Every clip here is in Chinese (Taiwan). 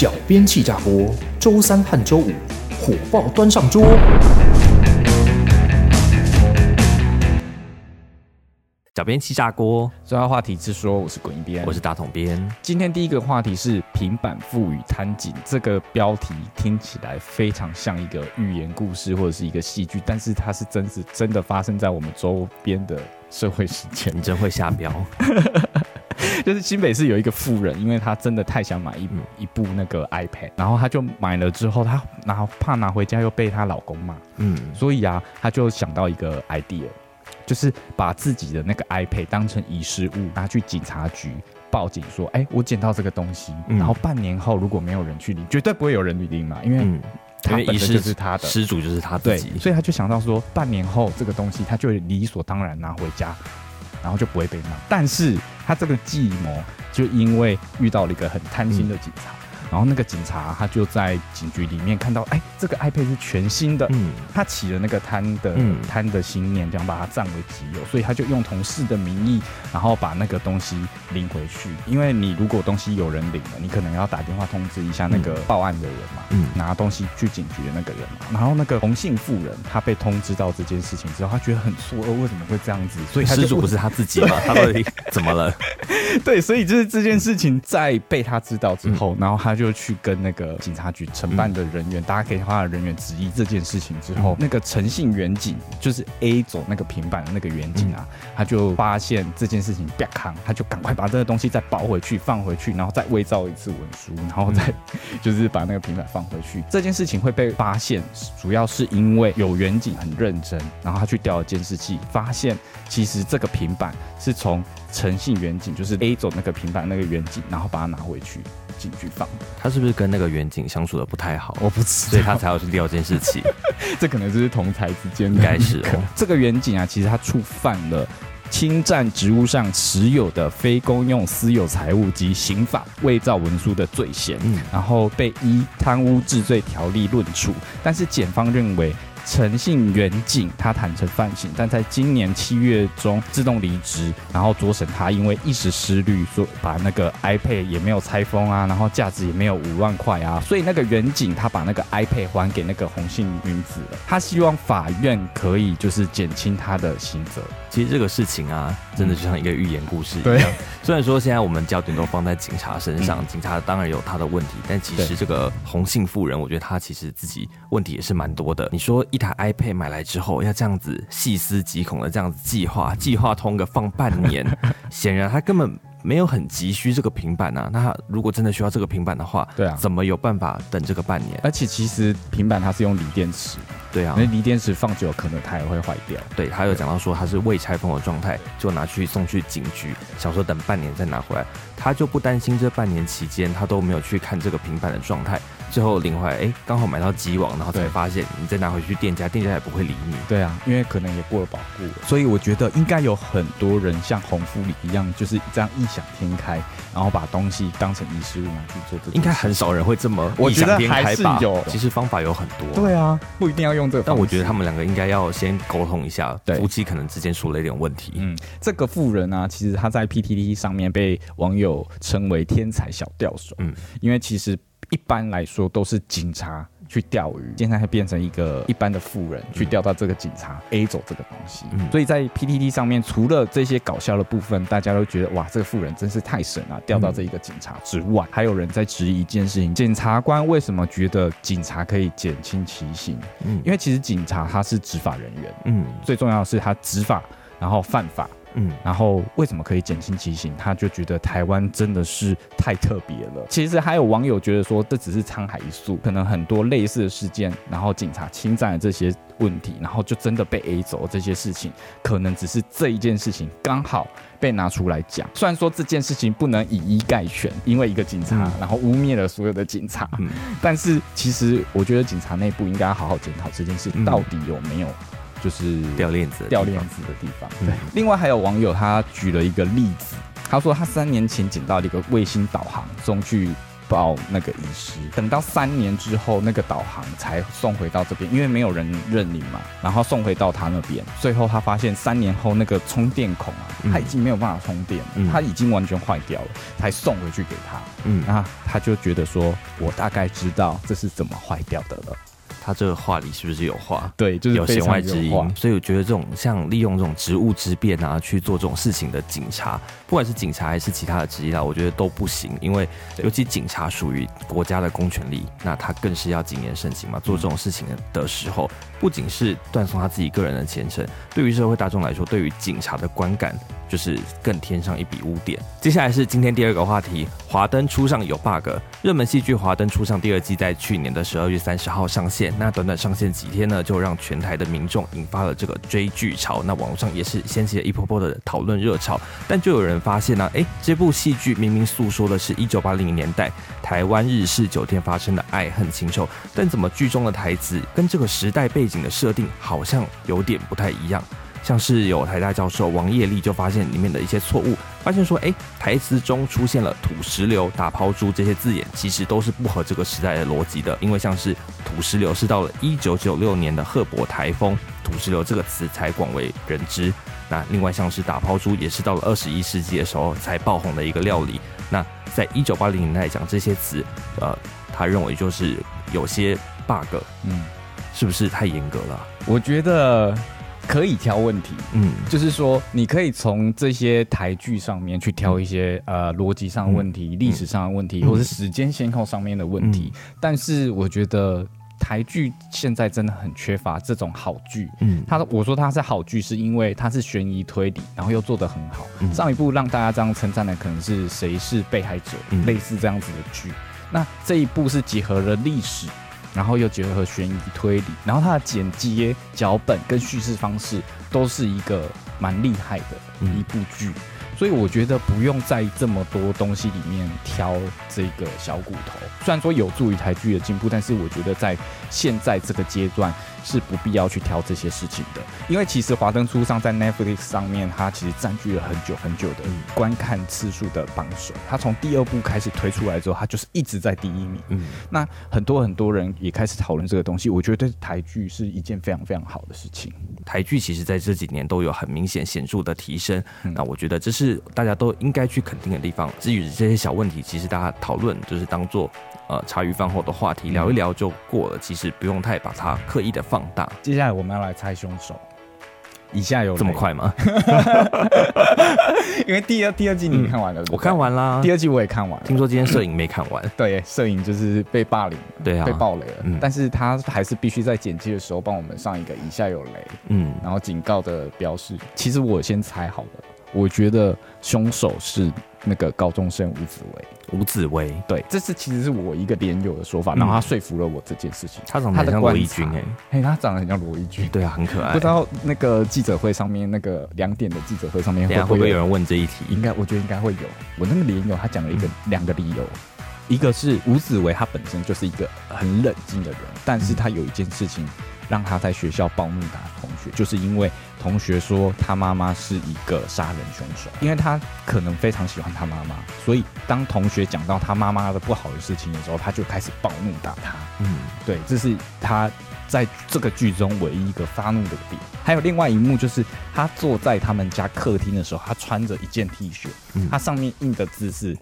小編氣炸鍋，周三和周五火爆端上桌。小編氣炸鍋，主要話題是說，我是滾一編，我是打統編。今天第一個話題是平板婦與貪警，這個標題聽起來非常像一個寓言故事或者是一個戲劇，但是它是真是真的發生在我們周邊的社會事件，你真會下標。 就是新北市有一個婦人，因為他真的太想買一、嗯、一部那個 iPad，然後他就買了之後，他拿怕拿回家又被她老公罵，嗯，所以啊，他就想到一個 idea，就是把自己的那個 iPad 當成遺失物，拿去警察局報警說，哎，我撿到這個東西，嗯、然後半年後如果沒有人去領，絕對不會有人去領嘛，因為他遺失是他的，失主就是他自己，對所以他就想到說，半年後這個東西他就理所當然拿回家。然後就不會被罵，但是他這個計謀就因為遇到了一個很貪心的警察。嗯然後那個警察他就在警局裡面看到，哎、欸，這個 iPad 是全新的，嗯，他起了那個貪的、嗯、貪的心念，想把它占為己有，所以他就用同事的名義，然後把那個東西領回去。因為你如果東西有人領了，你可能要打電話通知一下那個報案的人嘛，嗯，嗯拿東西去警局的那個人嘛。然後那個同性婦人，她被通知到這件事情之後，她覺得很錯愕、呃，為什麼會這樣子？所以他就說失主不是他自己嘛對他到底怎麼了？對，所以就是這件事情在被他知道之後，嗯、然後他。就去跟那個警察局承辦的人員，嗯、大家可以看他的人員質疑這件事情之後，嗯、那個誠信員警就是 A 走那個平板的那個員警啊，嗯、他就發現這件事情，啪，他就趕快把這個東西再包回去、放回去，然後再偽造一次文書，然後再、嗯、就是把那個平板放回去。嗯、這件事情會被發現，主要是因為有員警很認真，然後他去調了監視器，發現其實這個平板是從誠信員警，就是 A 走那個平板那個員警，然後把它拿回去。警局放，他是不是跟那個員警相處得不太好？我不知道，所以他才要去第二件事情。 這可能就是同才之間的、那個。應該是、哦、這個員警啊，其實他觸犯了侵占職務上持有的非公用私有財物及刑法偽造文書的罪嫌，嗯、然後被依貪污治罪條例論處。但是檢方認為。程姓員警，他坦誠犯行，但在今年七月中自動離職。然後酌審，他因為一時失慮，說把那個 iPad 也沒有拆封啊，然後價值也沒有五萬塊啊，所以那個員警，他把那個 iPad 還給那個洪姓女子了。他希望法院可以就是減輕他的刑責。其實這個事情啊，真的就像一個寓言故事一樣。嗯、雖然說現在我們焦點都放在警察身上，嗯、警察當然有他的問題，但其實這個洪姓婦人，我覺得他其實自己問題也是蠻多的。你說。一台 iPad 買來之後，要這樣子細思極恐的這樣子計劃，計劃通個放半年，顯 然他根本沒有很急需這個平板啊。那他如果真的需要這個平板的話，對啊，怎麼有辦法等這個半年？而且其實平板它是用鋰電池，對啊，那鋰電池放久可能它也會壞掉。對，他有講到說他是未拆封的狀態，就拿去送去警局，想說等半年再拿回來，他就不擔心這半年期間他都沒有去看這個平板的狀態。最後領回來，哎、欸，剛好買到機王，然後才發現，你再拿回去店家，對店家也不會理你。對啊，因為可能也過了保固。所以我覺得應該有很多人像紅富里一樣，就是這樣異想天開，然後把東西當成遺失物拿去做這個。應該很少人會這麼異想天開吧？有其實方法有很多。對啊，不一定要用這個方式。但我覺得他們兩個應該要先溝通一下，對夫妻可能之間出了一點問題。嗯，這個婦人啊，其實他在 PTT 上面被網友稱為天才小釣手。嗯，因為其實。一般來說都是警察去釣魚，現在變成一個一般的婦人，去釣到這個警察、嗯、A 走這個東西。嗯、所以在 PTT 上面，除了這些搞笑的部分，大家都覺得哇，這個婦人真是太神了、啊，釣到這一個警察之外，嗯、還有人在質疑一件事情：檢察官為什麼覺得警察可以減輕其刑？嗯、因為其實警察他是執法人員，嗯、最重要的是他執法。然後犯法，嗯，然後為什麼可以減輕其刑？他就覺得台灣真的是太特別了。其實還有網友覺得說，這只是滄海一粟，可能很多類似的事件，然後警察侵佔了這些問題，然後就真的被 A 走。這些事情可能只是這一件事情剛好被拿出來講。雖然說這件事情不能以一概全，因為一個警察、嗯、然後汙衊了所有的警察，嗯、但是其實我覺得警察內部應該要好好檢討這件事、嗯、到底有沒有。就是掉鏈子、掉鏈子的地方。對，另外還有網友他舉了一個例子，他說他三年前撿到了一個衛星導航，送去報那個遺失，等到三年之後那個導航才送回到這邊，因為沒有人認領嘛，然後送回到他那邊，最後他發現三年後那個充電孔啊，他已經沒有辦法充電了，他已經完全壞掉了，才送回去給他。嗯，那他就覺得說，我大概知道這是怎麼壞掉的了。他這個話裡是不是有話？對，就是有弦外之音。所以我覺得這種像利用這種職務之便啊去做這種事情的警察，不管是警察還是其他的職業啊，我覺得都不行。因為尤其警察屬於國家的公權力，那他更是要謹言慎行嘛。做這種事情的時候，不僅是斷送他自己個人的前程，對於社會大眾來說，對於警察的觀感就是更添上一筆污點。接下來是今天第二個話題，《華燈初上》有 bug。熱門戲劇《華燈初上》第二季在去年的十二月三十號上線。那短短上線幾天呢，就讓全台的民眾引發了這個追劇潮。那網上也是掀起了一波波的討論熱潮。但就有人發現呢，啊，哎，這部戲劇明明訴說的是一九八零年代台灣日式酒店發生的愛恨情仇，但怎麼劇中的台詞跟這個時代背景的設定好像有點不太一樣？像是有台大教授王業立就發現裡面的一些錯誤，發現說，誒、欸，台詞中出現了土石流、打拋豬這些字眼，其實都是不合這個時代的邏輯的。因為像是土石流是到了一九九六年的賀伯台風，土石流這個詞才廣為人知。那另外像是打拋豬也是到了二十一世紀的時候才爆紅的一個料理。那在一九八零年代講這些詞，呃，他認為就是有些 bug，嗯，是不是太嚴格了？我覺得。可以挑問題，嗯，就是說你可以從這些台劇上面去挑一些、嗯、呃邏輯上的問題、歷、嗯、史上的問題，嗯、或者是時間先後上面的問題。嗯、但是我覺得台劇現在真的很缺乏這種好劇。嗯，他我說它是好劇，是因為它是懸疑推理，然後又做得很好。嗯、上一部讓大家這樣稱讚的，可能是《誰是被害者》，嗯，類似這樣子的劇。那這一部是結合了歷史。然後又結合懸疑推理，然後它的剪接、腳本跟敘事方式都是一個蠻厲害的一部劇。嗯。所以我覺得不用在這麼多東西裡面挑這個小骨頭。雖然說有助於台劇的進步，但是我覺得在現在這個階段。是不必要去挑這些事情的，因為其實華燈初上在 Netflix 上面，它其實佔據了很久很久的觀看次數的榜首。它從第二部開始推出來之後，它就是一直在第一名。嗯，那很多很多人也開始討論這個東西，我覺得台劇是一件非常非常好的事情。台劇其實在這幾年都有很明顯顯著的提升，嗯、那我覺得這是大家都應該去肯定的地方。至於這些小問題，其實大家討論就是當做呃茶餘飯後的話題聊一聊就過了，嗯、其實不用太把它刻意的放大。接下來我們要來猜凶手，以下有雷，這麼快嗎？ 因為第二第二季你看完了，嗯、是是我看完啦，第二季我也看完。聽說今天攝影沒看完， 對，攝影就是被霸凌，對啊，被爆雷了。嗯、但是他還是必須在剪輯的時候幫我們上一個“以下有雷”，嗯，然後警告的標示。其實我先猜好了，我覺得凶手是那個高中生吳子維。吳子威，對，這是其實是我一個連友的說法，然後他說服了我這件事情。嗯、他，他長得很像羅一鈞誒，他長得很像羅一鈞，對啊，很可愛。不知道那個記者會上面那個兩點的記者會上面會不會有，會不會有人問這一題？應該，我覺得應該會有。我那個連友他講了一個兩、嗯、個理由。一個是吳子維，他本身就是一個很冷靜的人，但是他有一件事情讓他在學校暴怒打同學，就是因為同學說他媽媽是一個殺人兇手，因為他可能非常喜歡他媽媽，所以當同學講到他媽媽的不好的事情的時候，他就開始暴怒打他。嗯，對，這是他在這個劇中唯一一個發怒的地方。還有另外一幕就是他坐在他們家客廳的時候，他穿着一件 T 恤，他上面印的字是。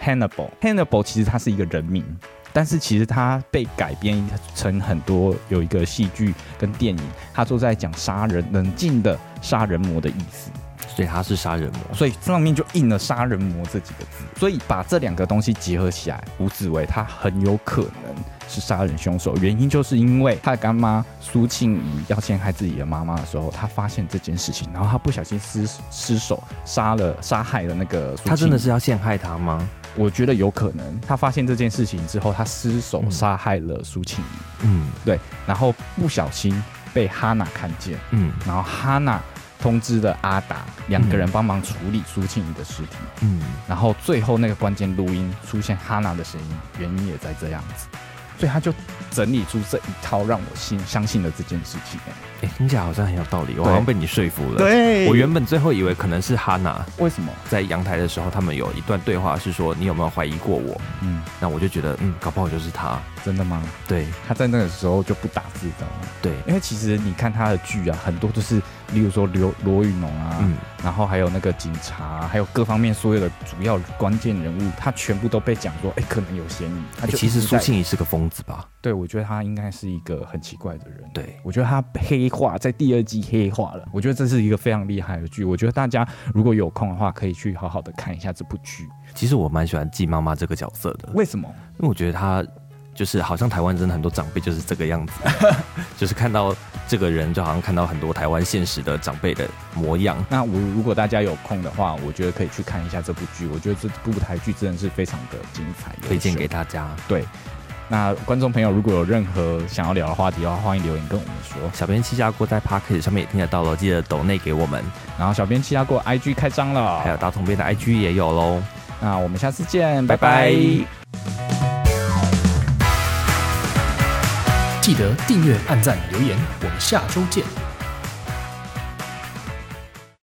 Hannibal，Hannibal Hann 其實他是一個人名，但是其實他被改編成很多，有一個戲劇跟電影，他都在講殺人，冷靜的殺人魔的意思。所以他是殺人魔，所以上面就印了“殺人魔”這幾個字。所以把這兩個東西結合起來，吳子偉他很有可能是殺人兇手。原因就是因為他的乾媽蘇慶儀要陷害自己的媽媽的時候，他發現這件事情，然後他不小心失失手殺了殺害了那個。他真的是要陷害他嗎？我覺得有可能。他發現這件事情之後，他失手殺害了蘇慶儀。嗯，對。然後不小心被哈娜看見。嗯，然後哈娜。通知了阿達兩個人幫忙處理蘇慶儀的屍體。嗯，然後最後那個關鍵錄音出現哈娜的聲音，原因也在這樣子，所以他就整理出這一套讓我信相信的這件事情、欸。哎、欸，聽起來好像很有道理，對我好像被你說服了。對，我原本最後以為可能是哈娜，為什麼在陽台的時候他們有一段對話是說你有沒有懷疑過我？嗯，那我就覺得嗯，搞不好就是他。真的嗎？對，他在那個時候就不打自招的。對，因為其實你看他的劇啊，很多都是。例如說劉羅雨儂啊，嗯、然後還有那個警察，啊，還有各方面所有的主要關鍵人物，他全部都被講說，哎、欸，可能有嫌疑。哎、欸，其實蘇慶儀是個瘋子吧？對，我覺得他應該是一個很奇怪的人。對，我覺得他黑化在第二季黑化了。我覺得這是一個非常厲害的劇。我覺得大家如果有空的話，可以去好好的看一下這部劇。其實我蠻喜歡季媽媽這個角色的。為什麼？因為我覺得他就是好像台灣真的很多長輩就是這個樣子， 就是看到。這個人就好像看到很多台灣現實的長輩的模樣。那我如果大家有空的話，我覺得可以去看一下這部劇。我覺得這部台劇真的是非常的精彩，推薦給大家。對，那觀眾朋友如果有任何想要聊的話題的話，歡迎留言跟我們說。小編氣炸鍋在 Podcast 上面也聽得到了、哦，記得抖內給我們。然後小編氣炸鍋 I G 開張了，還有打統編的 I G 也有嘍。那我們下次見，拜拜。拜拜記得訂閱、按讚、留言，我們下周見。